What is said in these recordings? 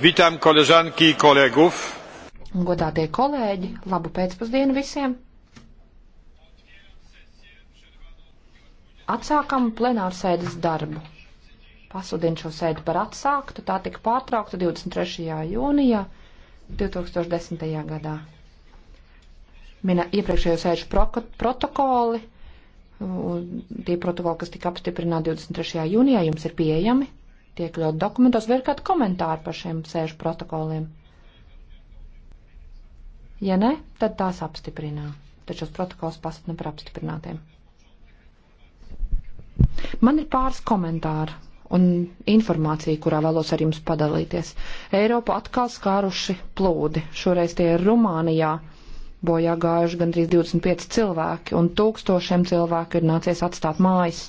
Witam koleżanki i kolegów. Godātie kolēģi, labu pēcpusdienu visiem. Atsākam plenārsēdes darbu. Pasūdinu šo sēdi par atsāktu. Tā tika pārtraukta 23. jūnijā 2010. gadā. Minē iepriekšējo sēžu protokoli, tie protokoli, kas tika apstiprināti 23. jūnijā, jums ir pieejami tiek ļoti dokumentos, vai ir kādi komentāri par šiem sēžu protokoliem? Ja ne, tad tās apstiprinā. Taču šos protokols pasatne par apstiprinātiem. Man ir pāris komentāri un informācija, kurā vēlos ar jums padalīties. Eiropu atkal skāruši plūdi. Šoreiz tie ir Rumānijā. Bojā gājuši gandrīz 25 cilvēki, un tūkstošiem cilvēku ir nācies atstāt mājas.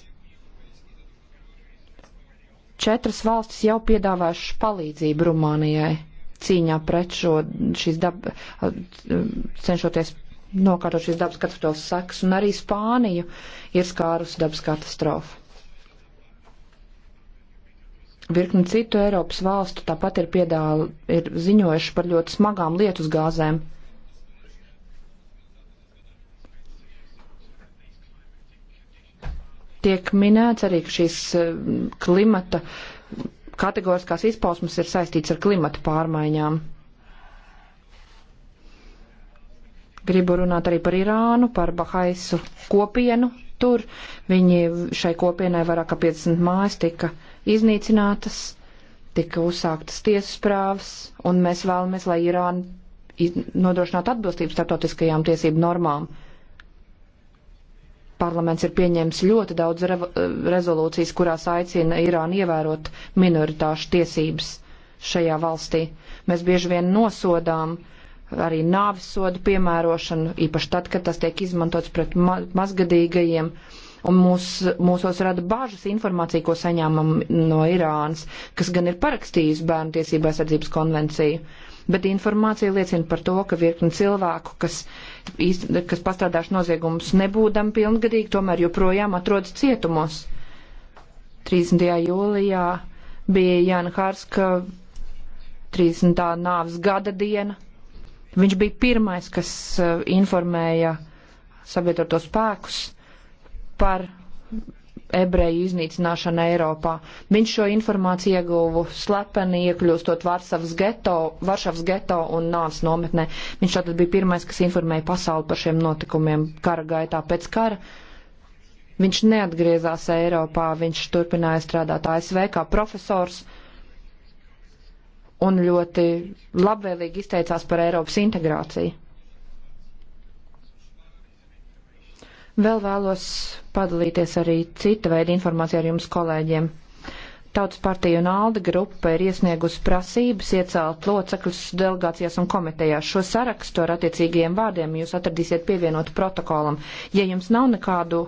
Četras valstis jau piedāvājušas palīdzību Rumānijai cīņā pret šo, šīs dab, cenšoties nokārtot šīs dabas katastrofas sekas, un arī Spāniju ir skārusi dabas katastrofa. Virkni citu Eiropas valstu tāpat ir, piedāli, ir ziņojuši par ļoti smagām lietus gāzēm, Tiek minēts arī, ka šīs eh, klimata kategoriskās izpausmes ir saistīts ar klimata pārmaiņām. Gribu runāt arī par Irānu, par Bahaisu kopienu. Tur viņi šai kopienai vairāk kā 50 mājas tika iznīcinātas, tika uzsāktas tiesas prāvas, un mēs vēlamies, lai Irāna nodrošinātu atbilstību starptautiskajām tiesību normām. Parlaments ir pieņēmis ļoti daudz re eh, rezolūcijas, kurās aicina Irānu ievērot minoritāšu tiesības šajā valstī. Mēs bieži vien nosodām arī nāvisodu piemērošanu, īpaši tad, kad tas tiek izmantots pret ma mazgadīgajiem. Un mūs, mūsos rada bāžas informācija, ko saņēmam no Irānas, kas gan ir parakstījusi Bērnu tiesību aizsardzības konvenciju bet informācija liecina par to, ka virkni cilvēku, kas, īst, kas pastrādāšu noziegumus nebūdam pilngadīgi, tomēr joprojām atrodas cietumos. 30. jūlijā bija Jāna Hārska 30. nāves gada diena. Viņš bija pirmais, kas uh, informēja sabiedroto spēkus par ebreju iznīcināšana Eiropā. Viņš šo informāciju ieguva slepeni, iekļūstot Varšavas geto, Varšavas geto un nācis nometnē. Viņš tātad bija pirmais, kas informēja pasauli par šiem notikumiem kara gaitā pēc kara. Viņš neatgriezās Eiropā, viņš turpināja strādāt ASV kā profesors un ļoti labvēlīgi izteicās par Eiropas integrāciju. Vēl vēlos padalīties arī cita veida informācija ar jums kolēģiem. Tautas partija un Alda grupa ir iesniegusi prasības iecelt locekļus delegācijās un komitejās. Šo sarakstu ar attiecīgajiem vārdiem jūs atradīsiet pievienot protokolam. Ja jums nav nekādu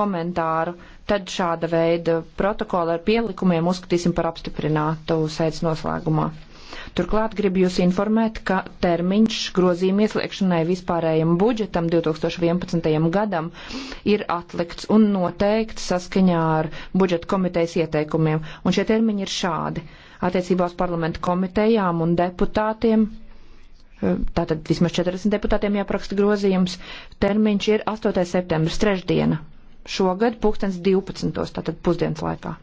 komentāru, tad šāda veida protokola ar pielikumiem uzskatīsim par apstiprinātu sēdes noslēgumā. Turklāt gribu jūs informēt, ka termiņš grozījuma ieslēgšanai vispārējiem budžetam 2011. gadam ir atlikts un noteikts saskaņā ar budžeta komitejas ieteikumiem. Un šie termiņi ir šādi. Attiecībā uz parlamentu komitejām un deputātiem eh, tātad vismaz 40 deputātiem jāpraksta grozījums. Termiņš ir 8. septembris, trešdiena. Šogad pulkstens 12. tātad pusdienas laikā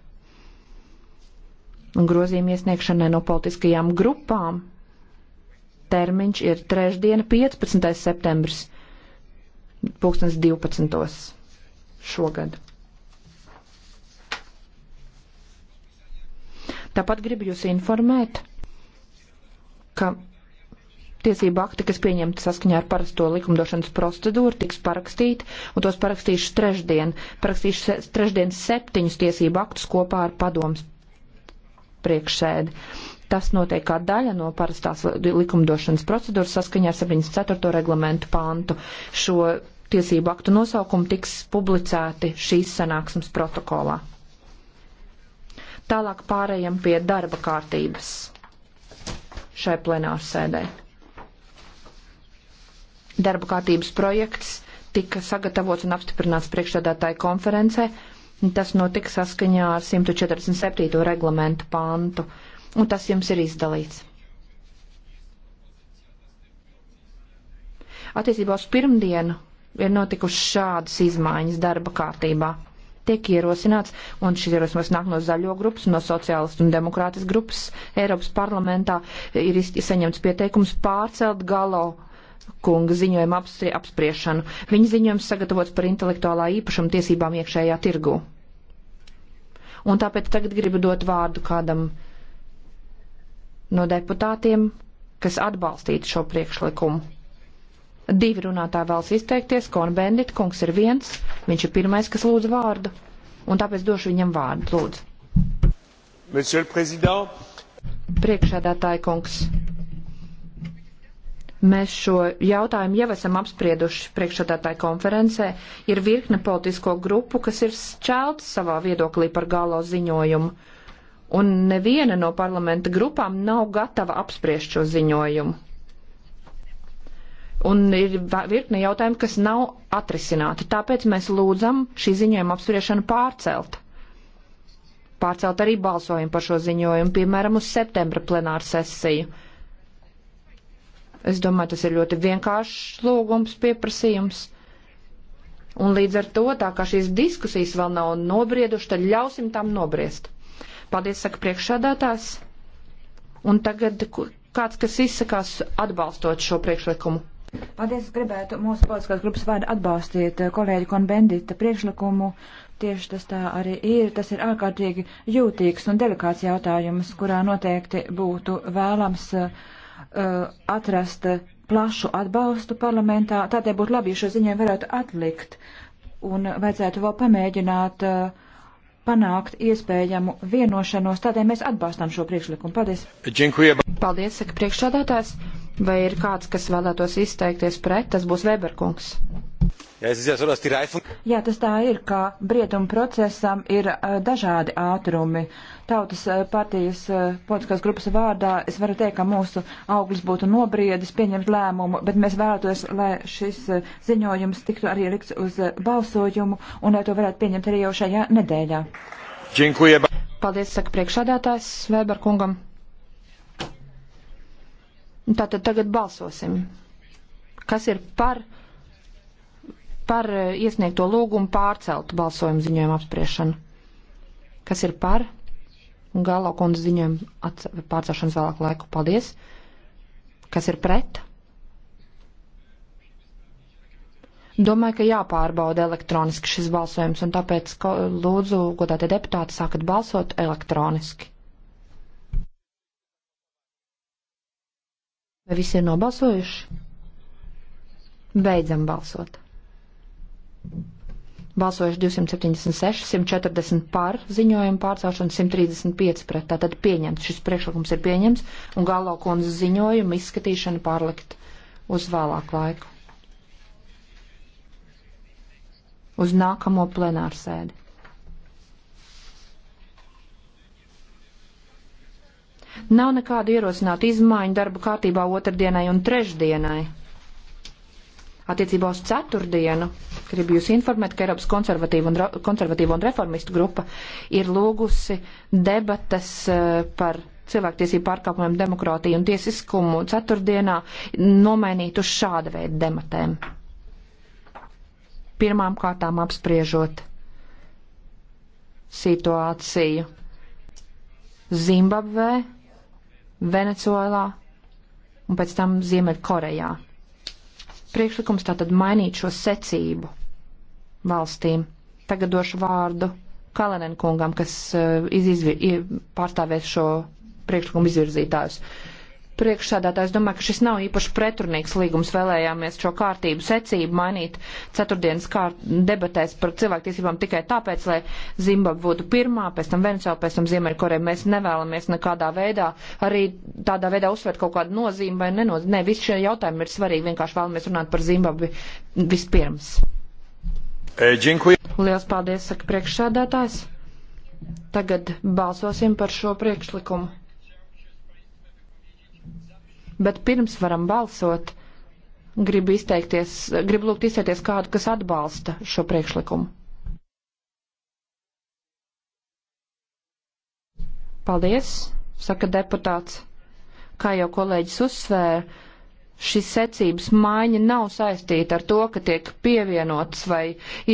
un grozījuma iesniegšanai no politiskajām grupām. Termiņš ir trešdiena, 15. septembris, 2012. šogad. Tāpat gribu jūs informēt, ka tiesību akti, kas pieņemti saskaņā ar parasto likumdošanas procedūru, tiks parakstīti, un tos parakstīšu trešdien. Parakstīšu trešdien septiņus tiesību aktus kopā ar padomus priekšsēdi. Tas notiek kā daļa no parastās likumdošanas procedūras saskaņā ar 74. reglamentu pāntu. Šo tiesību aktu nosaukumi tiks publicēti šīs sanāksmes protokolā. Tālāk pārējiem pie darba kārtības šai plenāru sēdē. Darba kārtības projekts tika sagatavots un apstiprināts priekšsēdētāju konferencē Tas notika saskaņā ar 147. reglamentu pantu, un tas jums ir izdalīts. Attiecībā uz pirmdienu ir notikušas šādas izmaiņas darba kārtībā. Tiek ierosināts, un šis ierosinājums nāk no zaļo grupas, no sociālistu un demokrātas grupas Eiropas parlamentā, ir saņemts pieteikums pārcelt galo kunga ziņojuma apstri, apspriešanu. Viņa ziņojums sagatavots par intelektuālā īpašuma tiesībām iekšējā tirgu. Un tāpēc tagad gribu dot vārdu kādam no deputātiem, kas atbalstītu šo priekšlikumu. Divi runātāji vēlas izteikties, Konbendit kungs ir viens, viņš ir pirmais, kas lūdz vārdu, un tāpēc došu viņam vārdu, lūdzu. Priekšādātāji kungs, Mēs šo jautājumu jau esam apsprieduši priekšsādātāju konferencē. Ir virkne politisko grupu, kas ir šķelts savā viedoklī par galo ziņojumu. Un neviena no parlamenta grupām nav gatava apspriest šo ziņojumu. Un ir virkne jautājumu, kas nav atrisināti. Tāpēc mēs lūdzam šī ziņojuma apspriešanu pārcelt. Pārcelt arī balsojumu par šo ziņojumu, piemēram, uz septembra plenāru sesiju Es domāju, tas ir ļoti vienkāršs lūgums, pieprasījums. Un līdz ar to, tā kā šīs diskusijas vēl nav nobrieduši, tad ļausim tam nobriest. Paldies, saka priekšsādātājs. Un tagad kāds, kas izsakās atbalstot šo priekšlikumu. Paldies, es gribētu mūsu politiskās grupas vārdu atbalstīt eh, kolēģi Konbendita priekšlikumu. Tieši tas tā arī ir. Tas ir ārkārtīgi jūtīgs un delikāts jautājums, kurā noteikti būtu vēlams uh, Uh, atrast plašu atbalstu parlamentā. Tādēļ būtu labi, ja šo ziņojumu varētu atlikt un vajadzētu vēl pamēģināt uh, panākt iespējamu vienošanos. Tādēļ mēs atbalstām šo priekšlikumu. Paldies! Paldies, saka priekšsādātājs. Vai ir kāds, kas vēlētos izteikties pret? Tas būs Weberkungs. Jā, tas tā ir, ka brieduma procesam ir uh, dažādi ātrumi. Tautas uh, partijas uh, politiskās grupas vārdā es varu teikt, ka mūsu auglis būtu nobriedis pieņemt lēmumu, bet mēs vēlētos, lai šis uh, ziņojums tiktu arī likts uz uh, balsojumu un lai to varētu pieņemt arī jau šajā nedēļā. Činkuje. Paldies, saka priekšādātājs Vēber kungam. Tātad tagad balsosim. Kas ir par? par eh, iesniegto lūgumu pārcelt balsojumu ziņojumu apspriešanu. Kas ir par? Un galo kundze ziņojumu pārcelšanas vēlāku laiku. Paldies. Kas ir pret? Domāju, ka jāpārbauda elektroniski šis balsojums, un tāpēc ko, lūdzu, godātie deputāti, sākat balsot elektroniski. Vai visi ir nobalsojuši? Beidzam balsot. Balsojuši 276, 140 par ziņojumu pārcelšanu, 135 pret. Tātad pieņemts. Šis priekšlikums ir pieņemts un galvākonas ziņojumu izskatīšanu pārlikt uz vēlāku laiku. Uz nākamo plenārsēdi. Nav nekāda ierosināta izmaiņa darba kārtībā otrdienai un trešdienai. Attiecībā uz ceturtdienu Gribu jūs informēt, ka Eiropas konservatīva un, konservatīva un reformistu grupa ir lūgusi debatas eh, par cilvēktiesību pārkāpumiem, demokrātiju un tiesiskumu ceturtdienā nomainīt uz šāda veida dematēm. Pirmām kārtām apspriežot situāciju Zimbabvē, Venecuēlā un pēc tam Ziemeļkorejā priekšlikums tātad mainīt šo secību valstīm. Tagad došu vārdu Kalenen kungam, kas eh, iz, iz, pārstāvēs šo priekšlikumu izvirzītājus. Uh, priekšsādātājs domā, ka šis nav īpaši pretrunīgs līgums. Vēlējāmies šo kārtību secību mainīt ceturtdienas kārt debatēs par cilvēktiesībām tikai tāpēc, lai Zimbabve būtu pirmā, pēc tam Venecijā, pēc tam Ziemeļkoreja. Mēs nevēlamies nekādā veidā arī tādā veidā uzsvērt kaut kādu nozīmi vai nenozīmi. Nē, ne, visi šie jautājumi ir svarīgi. Vienkārši vēlamies runāt par Zimbabvi vispirms. E, Lielas paldies, saka priekšsādātājs. Tagad balsosim par šo priekšlikumu bet pirms varam balsot, gribu izteikties, gribu lūgt izteikties kādu, kas atbalsta šo priekšlikumu. Paldies, saka deputāts. Kā jau kolēģis uzsvēra, šis secības maiņa nav saistīta ar to, ka tiek pievienots vai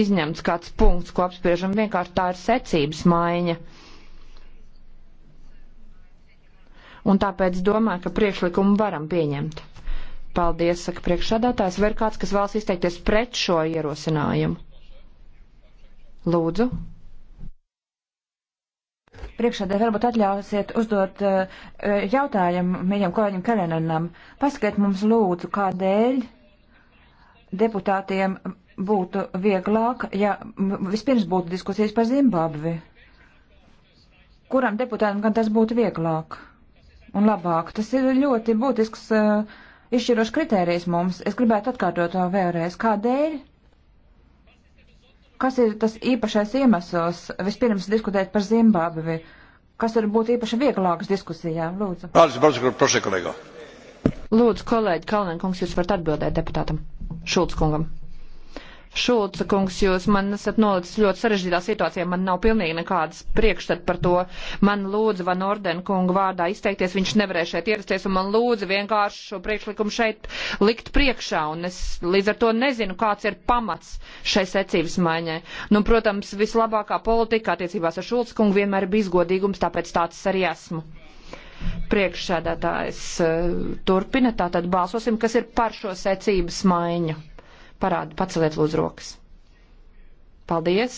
izņemts kāds punkts, ko apspriežam, vienkārši tā ir secības maiņa. Uh, un tāpēc domāju, ka priekšlikumu varam pieņemt. Paldies, saka priekšsādātājs. Vai ir kāds, kas vēlas izteikties pret šo ierosinājumu? Lūdzu. Priekšādā varbūt atļausiet uzdot uh, jautājumu mīļam kolēģim Kalenanam. Pasakiet mums lūdzu, kādēļ deputātiem būtu vieglāk, ja vispirms būtu diskusijas par Zimbabvi. Kuram deputātam gan tas būtu vieglāk? un labāk. Tas ir ļoti būtisks uh, izšķirošs kritērijs mums. Es gribētu atkārtot to vēlreiz. Kādēļ? Kas ir tas īpašais iemesls vispirms diskutēt par Zimbabvi? Kas var būt īpaši vieglākas diskusijām? Lūdzu. Lūdzu, kolēģi Kalnenkungs, jūs varat atbildēt deputātam Šulckungam. Šulca kungs, jūs man esat nolicis ļoti sarežģītā situācijā, man nav pilnīgi nekādas priekšstat par to. Man lūdza Van Orden kungu vārdā izteikties, viņš nevarēja šeit ierasties, un man lūdza vienkārši šo priekšlikumu šeit likt priekšā, un es līdz ar to nezinu, kāds ir pamats šai secības maiņai. Nu, protams, vislabākā politika attiecībās ar Šulca kungu vienmēr ir izgodīgums, tāpēc tāds arī esmu. Priekšsēdētājs eh, turpina, tātad balsosim, kas ir par šo secības maiņu parādu. Paceliet lūdzu rokas. Paldies!